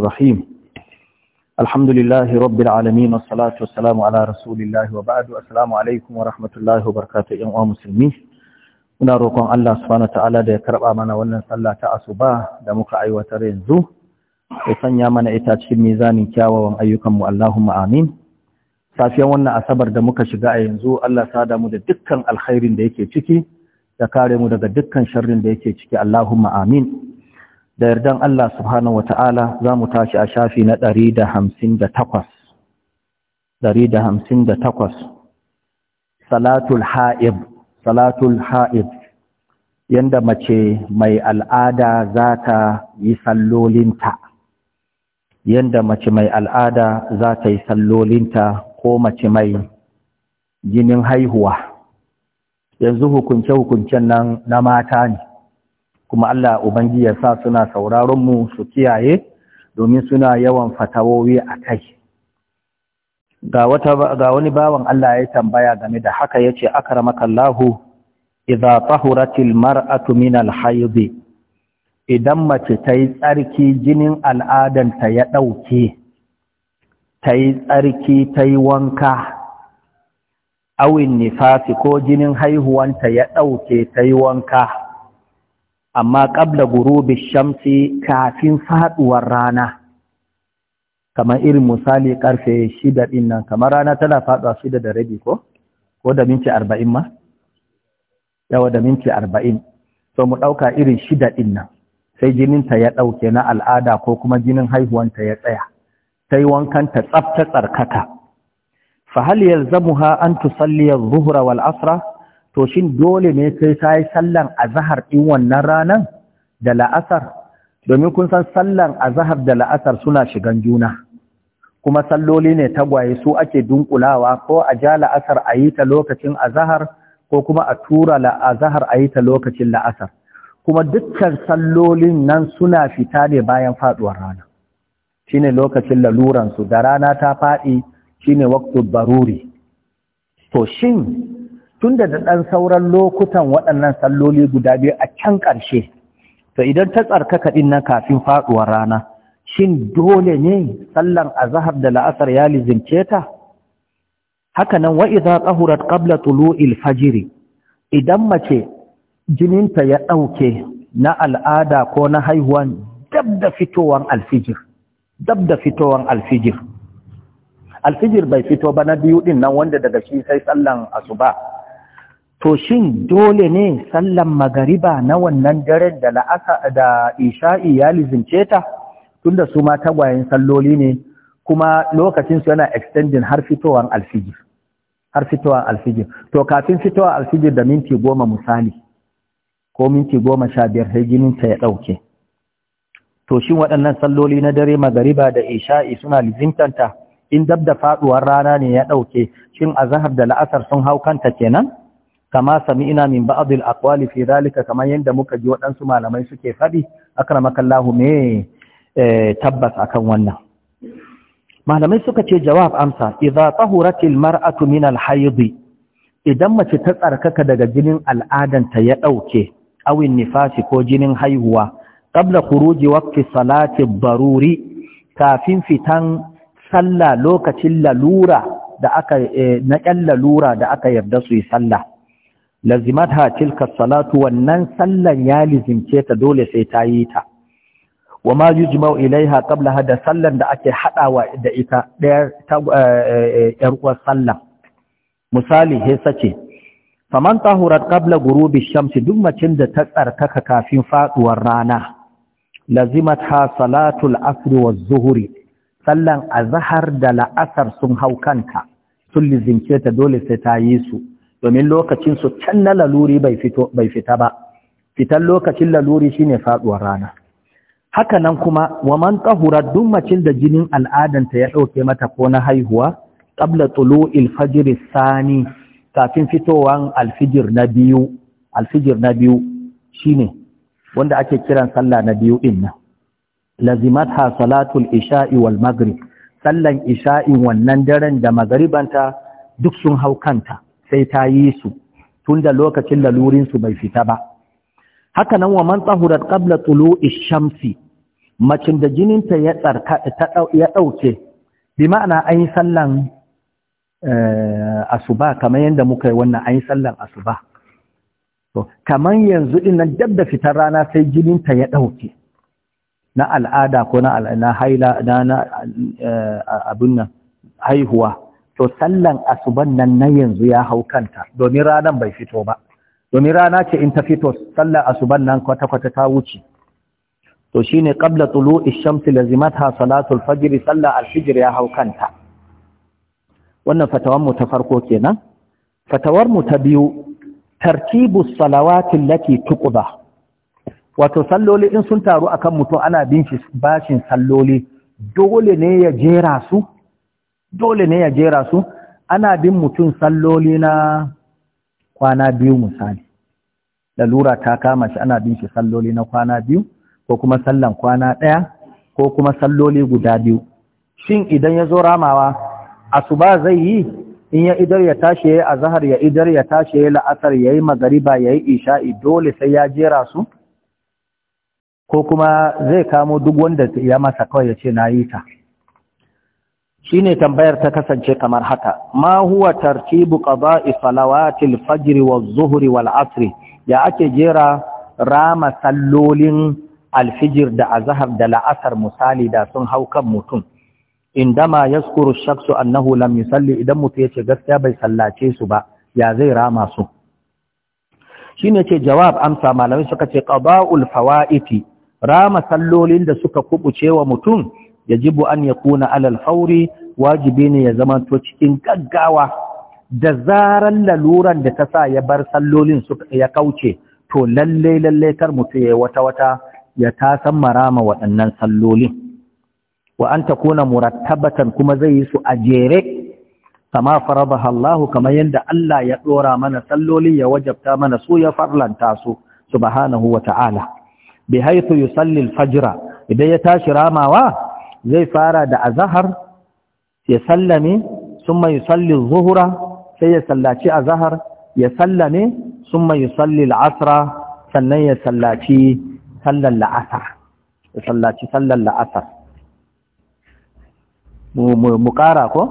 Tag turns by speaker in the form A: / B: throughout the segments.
A: الرحيم الحمد لله رب العالمين wa والسلام على رسول wa وبعد السلام عليكم ورحمة الله وبركاته يا مسلمين muna roƙon Allah subhanahu ta'ala ya karɓa mana wannan sallah ta asuba da muka aiwatar yanzu ya sanya mana ita cikin mizanin kyawawan ayyukanmu Allahuma amin safiyan wannan asabar da muka shiga a yanzu Allah sada mu da dukkan alkhairin da yake ciki da kare mu daga dukkan sharrin da yake ciki Allahuma amin da yardan Allah subhanahu wata'ala za mu tashi a shafi na ɗari da hamsin da takwas da hamsin salatul ha'ib salatul ha'ib yanda mace mai al'ada za ta yi sallolinta yanda mace mai al'ada za ta yi sallolinta ko mace mai jinin haihuwa yanzu hukunce-hukuncen nan na mata ne kuma Allah ubangi ya sa suna sauraron mu su kiyaye domin suna yawan fatawowi a kai ga wani bawan Allah ya tambaya game da haka ya ce yace lahu, iza tahuratil mar'atu min al idan mace ta yi tsarki jinin al'adanta ya ɗauke ta yi tsarki tayi wanka awin nifasi ko jinin haihuwanta ya ɗauke tayi wanka amma ƙabla gurubi shamsi kafin faduwar rana kamar irin misali karfe shida din nan kamar rana tana faduwa shida da rabi ko ko da minti arba'in ma yawa da minti arba'in so mu ɗauka irin shida din nan sai jininta ya ɗauke na al'ada ko kuma jinin haihuwanta ya tsaya ta yi wankanta tsafta tsarkaka fahal yalzamuha an tusalli adh wal asra to shin dole ne sai ka yi sallan azahar ɗin wannan ranan da la'asar domin kun san sallan azahar da la'asar suna shigan juna kuma salloli ne tagwaye su ake dunkulawa ko a ja la'asar a yi ta lokacin azahar ko kuma a tura azahar a yi ta lokacin la'asar kuma dukkan sallolin nan suna fita ne bayan faduwar rana shine lokacin laluransu da rana ta faɗi shine waqtul baruri to shin tunda da ɗan sauran lokutan waɗannan salloli guda biyu a can ƙarshe to idan ta tsarkaka ɗin nan kafin faɗuwar rana shin dole ne sallan azahar da la'asar ya lizimce ta haka nan wa idza qahurat qabla tulu'il fajr idan mace jininta ya ɗauke na al'ada ko na haihuwan dab da fitowan alfijir dab da alfijir alfijir bai fito ba na biyu din nan wanda daga shi sai sallan asuba to shin dole ne sallan magariba na wannan daren da la'asa da isha'i ya lizince ta tunda su ma tagwayen salloli ne kuma lokacin su yana extending har fitowar alfijir har fitowar alfijir to kafin fitowar alfijir da minti goma misali ko minti goma sha biyar sai jinin ta ya ɗauke to shin waɗannan salloli na dare magariba da isha'i suna lizintanta in dab da faɗuwar rana ne ya ɗauke shin azhar da la'asar sun hau kanta kenan kama sami'ina min ba'dil aqwali fi zalika kamar yanda muka ji waɗansu malamai suke faɗi akramakallahu me eh, tabbas akan wannan malamai suka ce jawab amsa idza tahuratil mar'atu min al idan mace ta tsarkaka daga jinin ta ya ɗauke awin nifasi ko jinin haihuwa qabla khuruji waqti salati baruri kafin fitan sallah lokacin lalura da aka eh, na lalura da aka yarda su yi sallah ha tilka salatu wannan sallan ya lizimce ta dole sai ta yi ta wa ma yujma'u ilaiha qablaha hada sallan da ake hadawa da ita daya ta yar eh, eh, uwar sallan misali hesa ce faman tahurat qabla ghurubi shamsi duk macin da ta tsarkaka kafin faduwar rana Lazimat ha salatul asr wa zuhri sallan azhar da la'asar sun hau kanta sun lizimce ta dole sai ta yi su domin lokacin su can na laluri bai fita ba fitan lokacin laluri shine faduwar rana haka nan kuma wa man tahura duk macin da jinin al'adanta ya dauke mata ko na haihuwa qabla tulu'il fajr sani kafin fitowan alfijir na biyu alfijir na biyu shine wanda ake kiran sallah na biyu din nan lazimat ha salatul isha'i wal magrib sallan isha'in wannan daren da magaribanta duk sun hau kanta sai ta yi su tun da lokacin lalurinsu bai fita ba haka nan wa man tsahurat qabla tulu'i shamsi macin da jininta ya ɗauke, ya dauke bi ma'ana an yi sallan eh, asuba kamar yadda muka yi wannan an yi sallan asuba to kamar yanzu din nan dab da fitar rana sai jininta ya dauke na al'ada ko na na haila na eh, abin nan haihuwa to sallan asuban nan na yanzu ya hau kanta domin ranar bai fito ba domin rana ce in ta fito sallan asuban nan kwata-kwata ta wuce to shine qabla tulu'i shamsi lazimatha salatul fajr sallan alfijr ya hau kanta wannan fatawar mu ta farko kenan fatawar mu ta biyu tartibu salawati allati tuqda wato salloli in sun taru akan mutum ana bin shi bashin salloli dole ne ya jera su dole ne ya jera su ana bin mutum salloli na kwana biyu misali lalura ta kama shi ana bin shi salloli na kwana biyu ko kuma sallan kwana ɗaya ko kuma salloli guda biyu shin idan ya zo ramawa asuba zai yi in ya idar ya tashi ya yi azahar ya idar ya tashi ya yi la'asar ya yi magariba ya yi isha'i dole sai ya jera su ko kuma zai kamo duk wanda ya masa kawai ya ce na yi ta Shi ne tambayar ta kasance kamar haka ma huwa tartibu ƙaba, salawatil fajr wa zuhr wal-'asr ya ake jera rama sallolin alfijir da azhar da la'asar misali da sun hau kan mutum indama yaskuru shaksu annahu lam yusalli idan mutum yace gaskiya bai sallace su ba ya zai rama su Shi ne ce jawab amsa malamai suka ce qada'ul fawaiti rama sallolin da suka kubuce wa mutum yajibu an kuna alal fauri wajibi ne ya zamanto cikin gaggawa da zaran laluran da ta sa ya bar sallolin su ya kauce to lalle lalle kar mutu ya wata wata ya tasa marama waɗannan sallolin wa an kuna murattabatan kuma zai yi su a jere kama faraba! Allahu kamar yadda Allah ya ɗora mana sallolin ya wajabta mana su ya farlanta su subhanahu wa ta'ala bi haythu yusalli al-fajr idan ya tashi ramawa zai fara da azahar ya sallame sun mai salli zuhura sai ya sallaci azahar ya sallame sun mai salli la'asra sannan ya sallaci sallar la'asar ya sallaci sallar la'asar mu ƙara ko?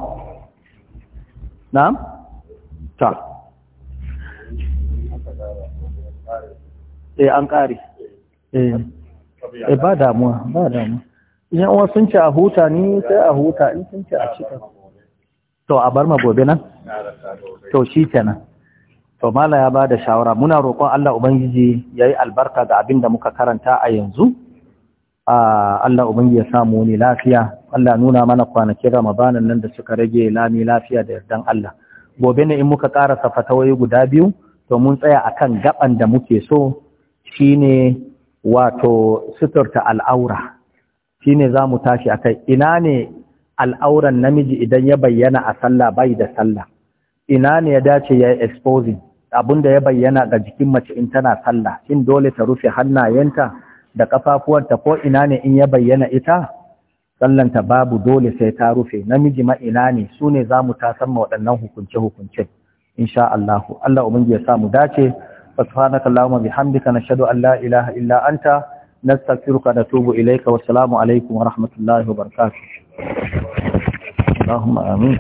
A: na'am? ta E, an ƙari E, eh. eh, ba damuwa ba damuwa in uwa sun ce a huta ni sai a huta in sun ce a cika to a bar gobe nan to shi kenan to mala ya bada shawara muna roƙon Allah ubangiji yayi albarka ga abin da muka karanta a yanzu Allah ubangiji ya samu ni lafiya Allah nuna mana kwanakin Ramadanan nan da suka rage lami lafiya da yardan Allah gobe ne in muka ƙara fatawai guda biyu to mun tsaya a kan gaban da muke so shine wato suturta al'aura Shi ne za mu tashi a kai ina ne al'auran namiji idan ya bayyana a sallah bai da sallah ina ne ya dace ya yi exposing abinda ya bayyana ga jikin mace in tana sallah shin dole ta rufe hannayenta da kafafuwanta ko ina ne in ya bayyana ita sallanta babu dole sai ta rufe namiji ma ina ne su ne za mu tasan ma waɗannan hukunce-hukunce sha Allah Allah ya sa mu dace subhanaka allahumma bihamdika nashhadu an la ilaha illa anta نستغفرك ونتوب إليك والسلام عليكم ورحمة الله وبركاته اللهم آمين